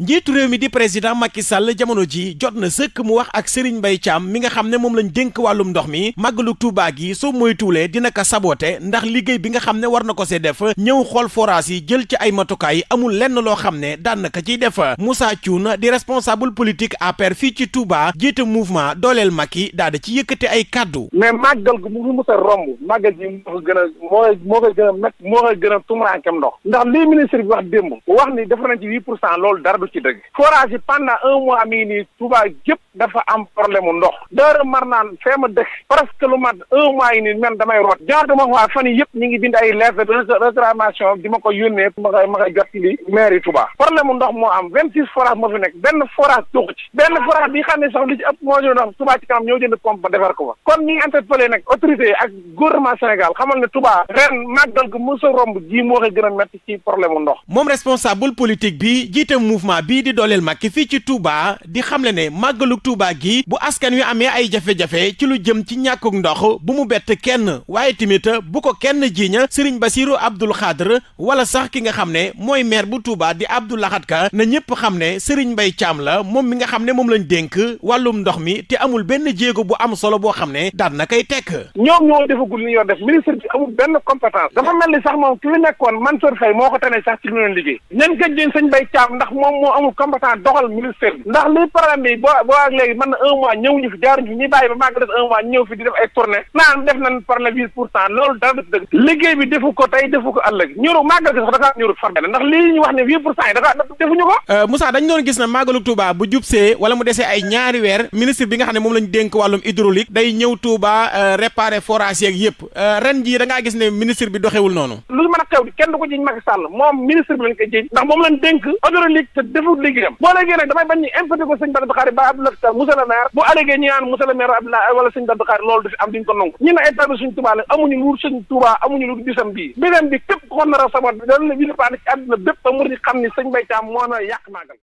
njiitu réew mi di président makki Sall jamono ji jot na sëkk mu wax ak Serigne Mbaye Thiam mi nga xam ne moom lañ dénk wàllum ndox mi màggalu Touba gi soo mooy tuulee dina ko sabote ndax liggéey bi nga xam ne war na ko see def ñëw xool forage yi jël ci ay matukaay amul lenn loo xam ne daan na ko ciy def Moussa Thioune di responsable politique APR fii ci Touba jiite mouvement dooleel Macky daal di ci yëkkate ay kàddu. mais màggal gu mu mës a romb màggal gi moo moo a métti moo koy gën ndax li ministre bi wax démb wax loolu dara ci dëgg forage yi pendant un mois mii nii Touba jëpp dafa am problème mu ndox Daaru Marnaan fee ma dëkk presque lu mat un mois yi nii man damay root jaartuma waa fan yi yëpp ñu ngi bind ay lettre de réclamation di ma ko yónnee ma koy ma koy jot li mairie Touba problème mu ndox moo am vingt six forage moo fi nekk benn forage doxu ci benn forage bi xam ne sax li ci ëpp moo ñu ndox Touba ci kanam ñoo jënd pompe ba defar ko fa kon ñi ngi interpellé nag autorité yi ak gouvernement Sénégal xamal ne Touba ren màggal ko mos a romb ji moo koy gën a métti ci problème mu ndox moom responsable politique bi jiite mouvement gouvernement bii di dooleel Macky fii ci Touba di xam xamle ne màggalug tuubaa gi bu askan wi amee ay jafe-jafe ci lu jëm ci ñàkk ndox bu mu bett kenn waaye tamit bu ko kenn jiiña Serigne Bassirou Abdoul Khadr wala sax ki nga xam ne mooy maire bu Touba di Abdou Lahad Ka na ñëpp xam ne Serigne Mbaye caam la moom mi nga xam ne moom lañ dénk wàllum ndox mi te amul benn jéego bu am solo boo xam ne daan na koy tekk. ñoom ñoo defagul li ñu def ministre bi amul benn compétence dafa mel ni sax moom ki fi nekkoon Mansour Faye moo ko tane sax ci ndax moom moom moo amul compétent doxal ministère bi ndax li problème bi boo boo ak léegi mën na un mois ñëw ñu fi jaaruñu fi ñuy bàyyi ba màgg des un mois ñëw fi di def ay tournée naan def nañ par le huit pour cent loolu dara du dëgg liggéey bi defu ko tey defu ko ëllëg ñëru màggal gi sax dafa ñëru farbe ndax lii ñu wax ne huit pour cent yi dafa defuñu ko euh, Moussa dañ doon gis na màggalu Touba bu jubsee wala mu desee ay ñaari weer ministre bi nga xam ne moom lañu dénk wàllum hydraulique day ñëw euh, yëpp euh, ren jii da ngaa gis ne ministre bi doxewul noonu lu mën a xew di léegi liggéeyam boo léegi nag damay bañ ñu imputé ko sëñ Badou Khari ba Abdoulaye Sall monsieur le maire bu allégee ñi naan monsieur le maire Abdoulaye wala sëñ Badou Khari loolu du fi am duñ ko nangu ñu ne ay taalibe suñ Tuubaa la amuñu lu sëñ Tuubaa amuñu lu bisam bii beneen bi képp ko nar a sabat bi dana la wili paane ci àdduna bépp a mur di xam ni sëñ Mbaye Thiam moo na yàq maagal